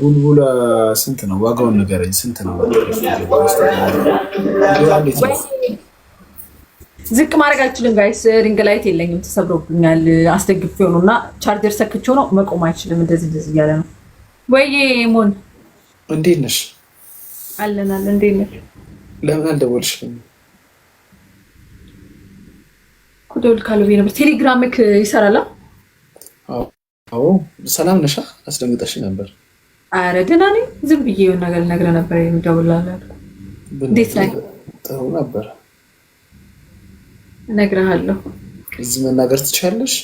ቡልቡላ ስንት ነው? ዋጋውን ንገረኝ። ስንት ነው? ዝቅ ማድረግ አልችልም ጋይስ። ሪንግ ላይት የለኝም ተሰብሮብኛል። አስደግፍ ሆኑ እና ቻርጀር ሰክቼ ነው መቆም አይችልም። እንደዚህ እንደዚህ እያለ ነው። ወይ ሞን እንዴት ነሽ? አለናል። እንዴት ነሽ? ለምን አልደወልሽልኝም? ደውል ካለው ነበር። ቴሌግራምክ ይሰራላ? አዎ ሰላም ነሻ? አስደንግጠሽ ነበር። አረ ደህና ነኝ። ዝም ብዬ የሆነ ነገር ልነግርህ ነበር የሚደውልልህ እንዴት ላይ ጥሩ ነበር። እነግርሃለሁ። እዚህ መናገር ትችላለሽ?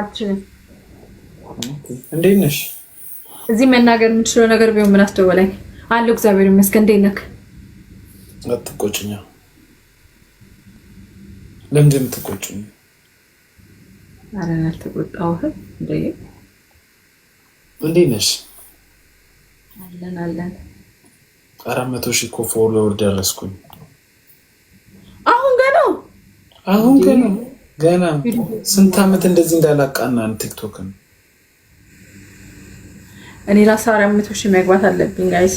አልችልም። እንዴት ነሽ? እዚህ መናገር የምችለው ነገር ቢሆን ምን አስደወለኝ? አለሁ እግዚአብሔር ይመስገን። እንዴት ነህ? አትቆጭኛ። ለምንድን የምትቆጭኝ? አረ አልተቆጣሁህም። እንዴት ነሽ? አለን አለን። አራት መቶ ሺህ እኮ ፎሎወር ደረስኩኝ። አሁን ገና አሁን ገና ገና ስንት አመት እንደዚህ እንዳላቃናን ቲክቶክን እኔ ለአስራ አራት መቶ ሺህ መግባት አለብኝ ጋይስ።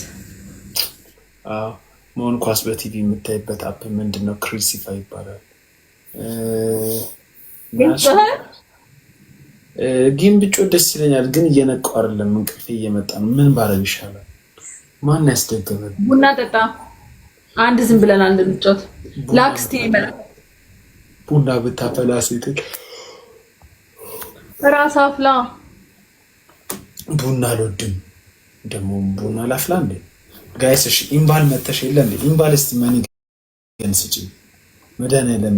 መሆን ኳስ በቲቪ የምታይበት አፕ ምንድን ነው? ክሪሲፋ ይባላል። ጌም ብጮ ደስ ይለኛል፣ ግን እየነቀው አይደለም። እንቅልፍ እየመጣ ነው። ምን ባረግ ይሻላል? ማን ያስደገመ? ቡና ጠጣ። አንድ ዝም ብለን አንድ ብጮት ላክስቲ ይበላል ቡና ብታፈላ ሴት ራስ አፍላ። ቡና አልወድም ደግሞ ቡና ላፍላ እንዴ? ጋይስ እሺ፣ ኢምባል መተሽ የለ እንዴ? ኢምባል እስቲ መኒ ገንስጭ መድኃኒዓለም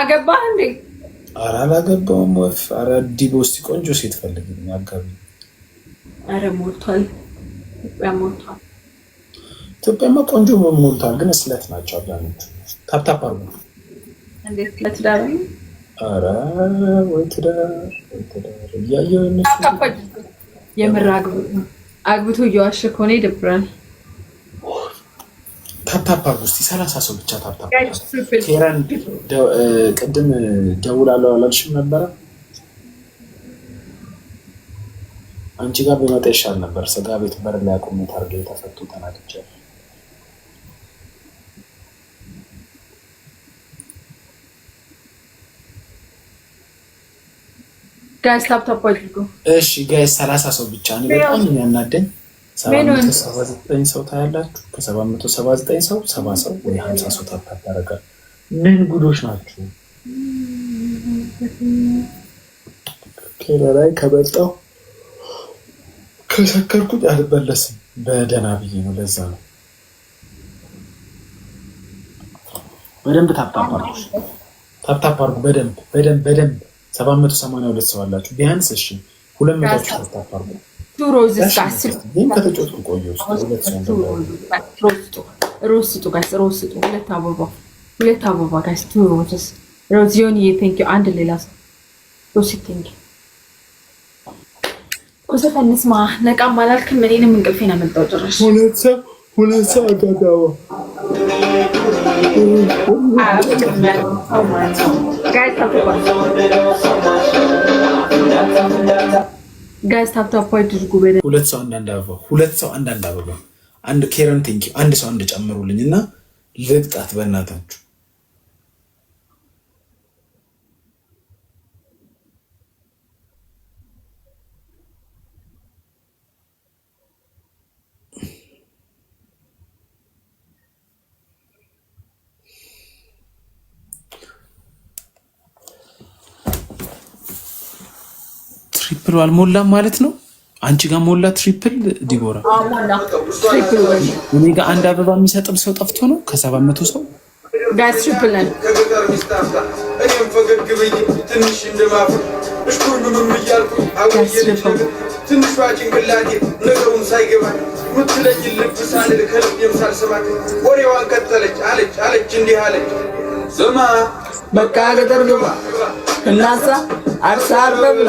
አገባህ እንዴ? ኧረ አላገባውም። ወፍ ኧረ ዲቦ ቆንጆ ሴት ፈልግ አጋቢ። ኧረ ሞልቷል፣ ኢትዮጵያ ሞልቷል። ኢትዮጵያማ ቆንጆ ሞልቷል፣ ግን ስለት ናቸው አብዛኞቹ። ታፕታፕ አሉ። እንዴት ለትዳር ወይ ትዳር ወይ የምር አግብቶ እየዋሸ ከሆነ ይደብራል። ታፕታፕ አድርጉ እስኪ ሰላሳ ሰው ብቻ ታፕታፕ። ኬረን ቅድም ደውላለሁ አላልሽም ነበረ? አንቺ ጋር በመጣ ይሻል ነበር። ስጋ ቤት በር ላይ አቁሜ ታርገ የተፈቱ ተናግቻለሁ። ጋይስ ታፕታፕ አድርጉ እሺ ጋይስ። ሰላሳ ሰው ብቻ እኔ በጣም የሚያናደኝ 779 ሰው ታያላችሁ። ከ779 ሰው ሰባ ሰው ወይ 50 ሰው ያደርጋል። ምን ጉዶች ናችሁ? ላይ ከበልጠው ከሰከርኩኝ በደህና ብዬ ነው። ለዛ ነው በደንብ ታፕታፕ ታፕታፕ በደንብ በደንብ በደንብ 782 ሰው አላችሁ ቢያንስ። እሺ ሁለት መቶ ታፕታፕ አርጉ ዶሮ ሁለት አበባ ጋይስ ቱ ሮዝስ ሮዝ ዮኒዬ ቴንክ ዩ አንድ ሌላ ሮሲ ቴንክ ዩ እንስማ ነቃም አላልክም እኔንም እንቅልፌን አመጣው ጭራሽ ሁለት ሰው ሁለት ሰው አጋጋባ ጋይስ ጋዝ ታፕታፕ አድርጉ። ሁለት ሰው አንዳንድ አበባ፣ ሁለት ሰው አንዳንድ አበባ። አንድ ኬረን ቴንኪው። አንድ ሰው አንድ ጨምሩልኝ እና ልቅጣት በእናታችሁ ትሪፕል አልሞላም ማለት ነው። አንቺ ጋር ሞላ ትሪፕል። ዲቦራ እኔ ጋ አንድ አበባ የሚሰጥም ሰው ጠፍቶ ነው ከሰባት መቶ ሰው ጋር ትሪፕል ትንሿ ጭንቅላቴ ነገሩን ምትለኝ ልብ ሳልል ወሬዋን ቀጠለች። አለች አለች እንዲህ አለች፣ ስማ በቃ ገጠር ግባ እናሳ አርሳ አርበብላ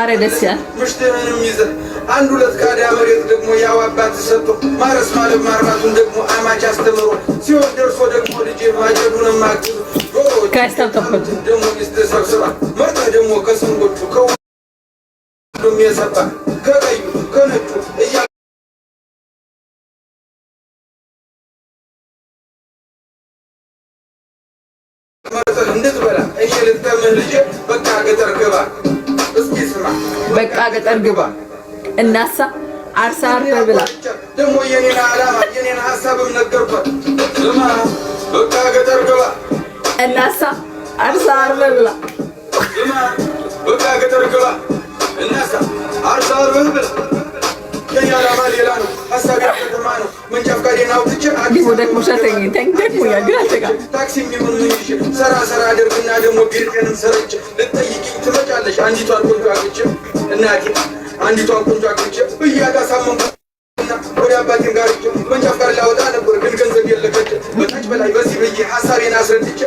አረ ደስ ይላል። ምሽትህንም ይዘ አንድ ሁለት ካዳ መሬት ደግሞ ያው አባት ሰጥቶ ማረስ ማለት ማርባቱን ደግሞ አማች አስተምሮ ሲሆን ደርሶ ደግሞ ልጅ ማጨዱንም ማግዙ ካስተብተፈቱ ደግሞ ሚስት ሰብስባ መርጣ ደግሞ ከስንጎቹ ከሁሉም የሰባ ከቀዩ ከነጩ እያ መርጠህ እንድትበላ እኔ ልጠምህ በቃ ገጠር ግባ በቃ ገጠር ግባ እናሳ አርሳ አርፈ ብላ ደግሞ የኔን አላማ የኔን ሀሳብም ነገርኳት። ስማ በቃ ገጠር ግባ እናሳ አርሳ አርፈ ብላ ስማ በቃ ገጠር ግባ እናሳ አርሳ አርፈ ብላ ታክሲ ሰራ ሰራ አደርግና ደግሞ ቢርቀንም ሰርቼ ልጠይቅ አንዲቷን ቆንጆ አግኝቼ እናቴ አንዲቷን ቆንጆ አግኝቼ እያዳ ሳመንኩና ወደ አባቴም ጋር መንጃ ፈቃድ ላወጣ ነበር፣ ግን ገንዘብ የለበት በታች በላይ በዚህ ብዬ ሀሳቤን አስረድቼ